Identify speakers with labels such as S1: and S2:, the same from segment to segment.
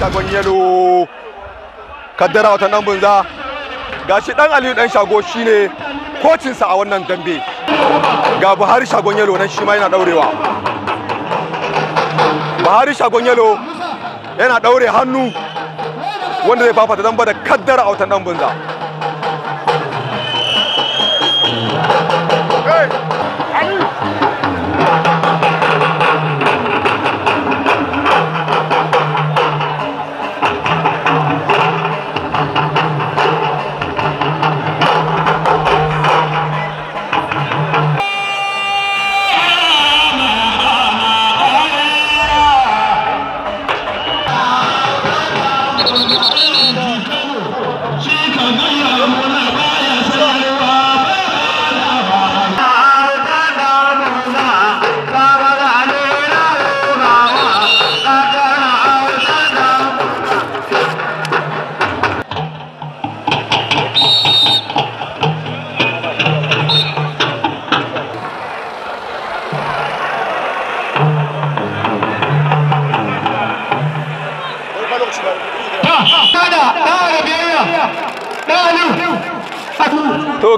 S1: shagon yalo kaddara wata nan bunza gashi dan aliyu dan shago shine kocinsa a wannan dambe ga buhari shagon yalo nan shi ma yana daurewa buhari shagon yalo yana daure hannu wanda zai fafata damba da kaddara a watan bunza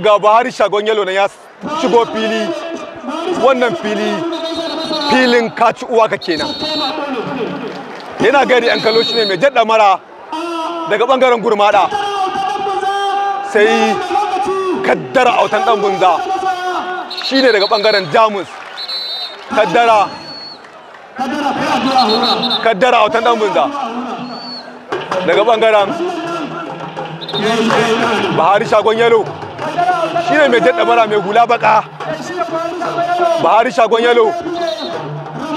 S1: ga buhari shagon yalo na ya shigo fili wannan fili filin kaci uwa ka kenan yana gari an kallo shi ne mai jadda mara daga bangaren gurmada sai kaddara autan dan bunza shi ne daga bangaren jamus kaddara kaddara autan dan bunza daga bangaren bahari shagon yalo shi ne mai jaɗa bara mai hula baka bahari shagon yalo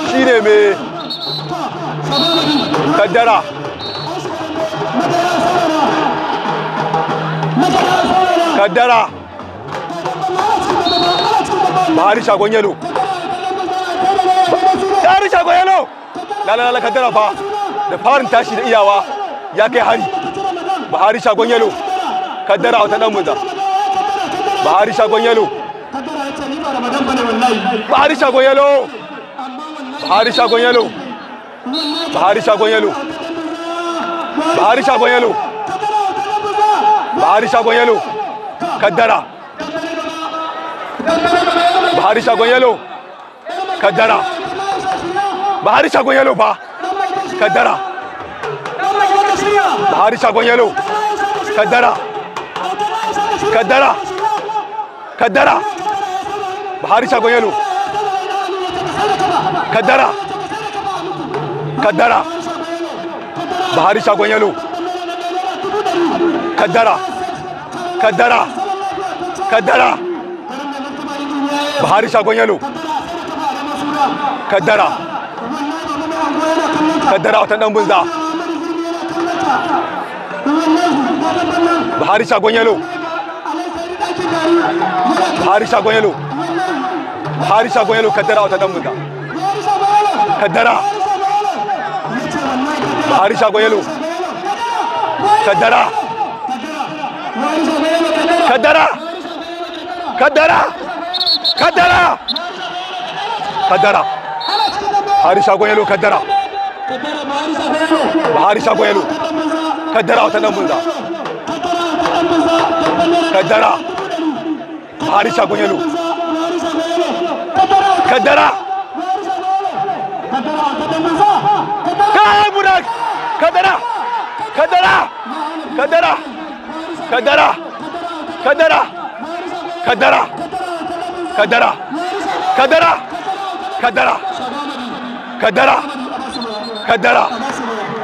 S1: shi ne mai kaddara kaddara bahari shagon yalo bahari shagon yalo lalala kaddara fa da farin tashi da iyawa ya kai hari bahari shagon yalo kaddara wata dan munza Bahari Shagon Yalo Bahari Shagon Yalo Bahari Shagon Yalo Bahari Shagon Yalo Bahari Shagon Yalo Bahari Shagon Yalo Kaddara Bahari Shagon Yalo Kaddara Bahari Shagon Yalo ba Kaddara Bahari Shagon Yalo Kaddara
S2: Kaddara
S1: kaddara bahari shagon yalo kaddara kaddara bahari shagon yalo kaddara kaddara kaddara bahari shagon yalo kaddara kaddara watan dan bunza bahari shagon yalo harisha goyelo harisha goyelo kaddara watatammuta kaddara harisha goyelo kaddara kaddara kaddara kaddara kaddara harisha goyelo kaddara harisha goyelo kaddara watatammuta kaddara harisa gonyalo kadara kadara kadara kadara kadara kadara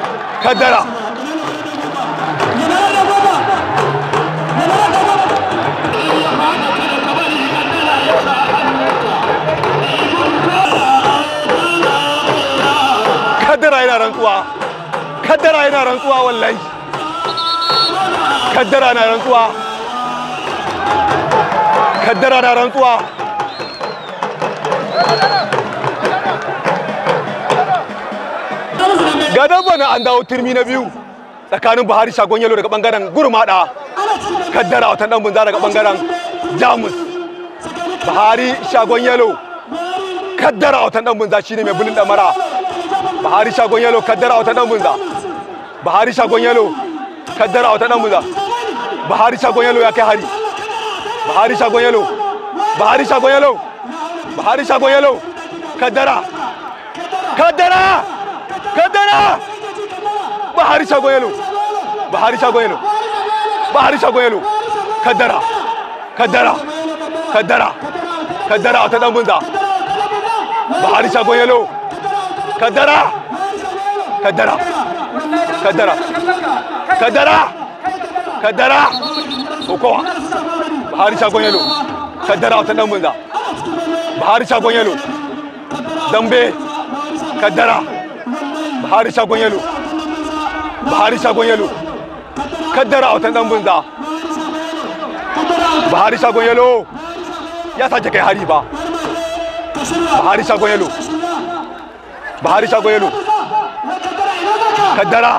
S1: kadara kadara. wallahi kaddara na rantsuwa kaddara na rantsuwa gadon bana an dawo turmi na biyu tsakanin buhari shagon yalo daga bangaren gurmada kaddara watan dan bunza daga bangaren jamus buhari shagon yalo kaddara watan dan bunza shine mai bulin damara buhari shagon yalo kaddara watan dan bunza Bahari Shagon Yalo kaddara wata dan buza Bahari Shagon Yalo ya kai hari Bahari Shagon Yalo Bahari Shagon Yalo Bahari Shagon Yalo kaddara kaddara kaddara Bahari Shagon Yalo Bahari Shagon Yalo Bahari Shagon Yalo kaddara kaddara kaddara kaddara wata dan buza Bahari Shagon Yalo kaddara kaddara kaddara kaddara kaddara oko
S2: bahari shagon yalo
S1: kaddara wata dan munza bahari shagon yalo dambe kaddara bahari shagon yalo bahari shagon yalo kaddara wata dan munza bahari shagon yalo ya ta jike hari ba bahari shagon yalo bahari shagon kaddara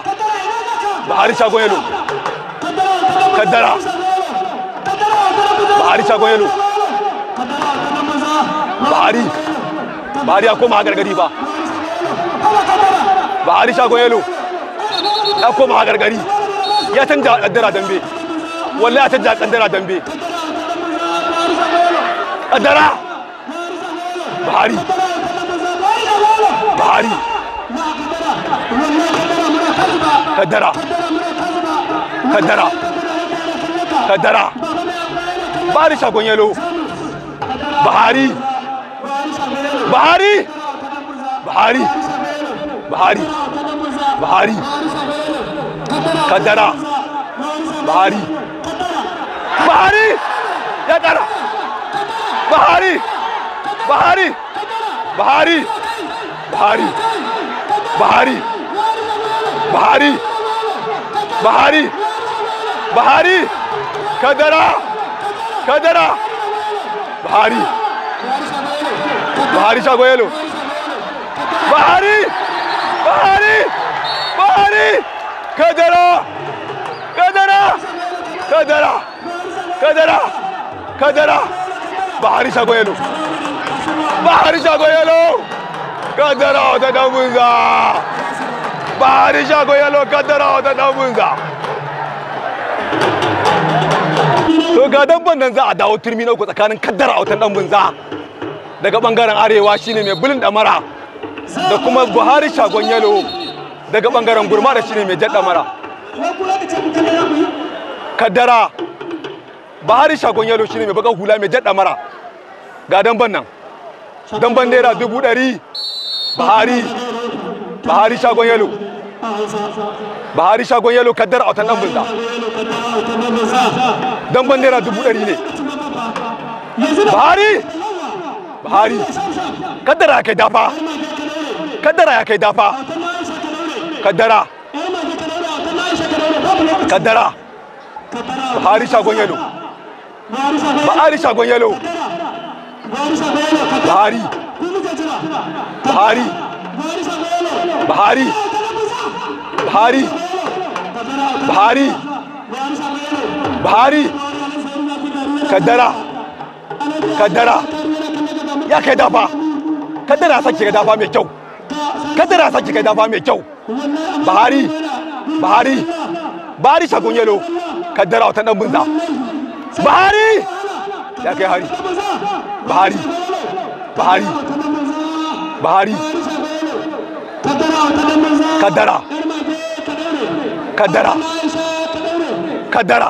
S1: bahari shago yalo kaddara bahari bahari ya koma gargadi ba bahari ya koma gargadi ya canja kaddara dambe wallahi ya canja kaddara dambe kaddara bahari bahari kaddara kaddara kaddara bari shagon yalo bahari bahari bahari bahari bahari kaddara bahari bahari ya dara bahari bahari bahari bahari bahari Bahari Bahari Kadara Kadara Bahari Bahari Shagoyelo Bahari Bahari Bahari Kadara Kadara Bahari Shagoyelo Bahari Shagoyelo Kadara ta Bahari Shago yalo kaddarawa ta dan bunza. To ga dabban nan za a dawo turmi na uku tsakanin kaddarawa ta dan bunza daga bangaren arewa shine mai bulin damara da kuma Buhari Shagon yalo daga bangaren gurma da shine mai jan damara. Kaddara Bahari Shagon yalo shine mai bakan hula mai jan damara. Ga damban nan. Damban naira dubu ɗari Bahari Bahari Shagon yalo. Bahari shagon yalo kaddara autan nan bunza. Damban naira dubu ɗari ne. Bahari! Bahari! Kaddara ya kai dafa! Kaddara ya kai dafa! Kaddara! Kaddara! Bahari shagon yalo. Bahari shagon yalo. Bahari! Bahari! Bahari! भारी भारी भारी kaddara kaddara ya kai dafa kaddara san ki dafa mai kyau kaddara dafa mai kyau bahari bahari bahari shagun yalo kaddara wata dan bunza bahari ya kai hari bahari bahari bahari kaddara Kadara! Kadara!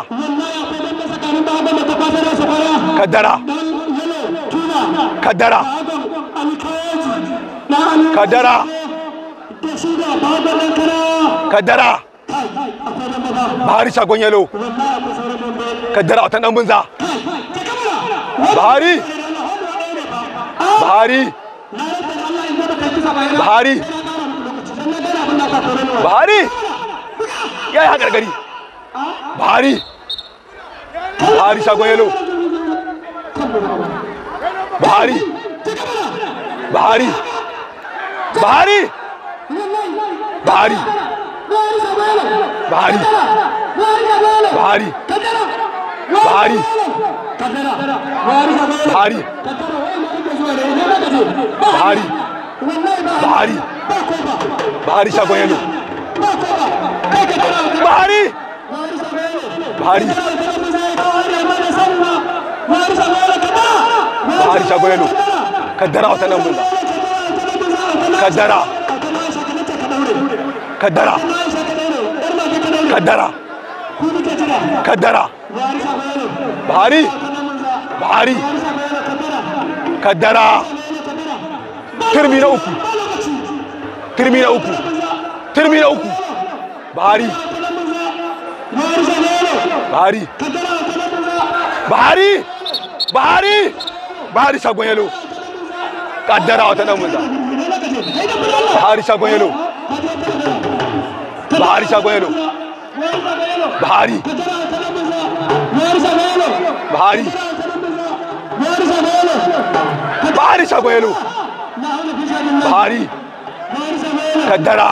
S1: Kadara! Kadara! Kadara! kaddara bahari shagon yalo Kadara watan dan bunza bahari bahari bahari bahari ya yi hagargari buhari buhari shagon yalo buhari buhari buhari buhari buhari buhari buhari buhari buhari buhari buhari shagon yalo Bahari Bahari Bahari Shagwelo kaddara wata nan bulla kaddara kaddara kaddara kaddara Bahari Bahari kaddara turmi na uku turmi na uku turmi uku bahari bahari bahari bahari bahari shagon yalo kaddara wata nan muza bahari shagon yalo bahari shagon yalo bahari bahari bahari shagon yalo bahari kaddara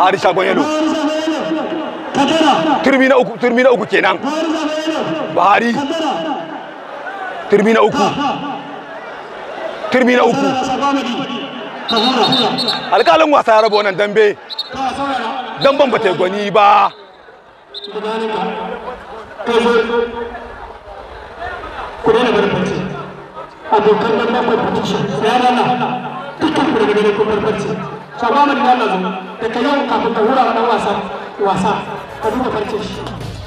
S1: Buhari shagon yalo uku turmi uku kenan Bahari. turmi uku turmi uku alƙalin wasa ya raba wannan dambe damben ba ta gwani ba abokan nan na kwamfuta shi ya rana dukkan kurgare ko shabaman na nazo da ta yau kafin ta hura wa wasa wasa ka duba farce shi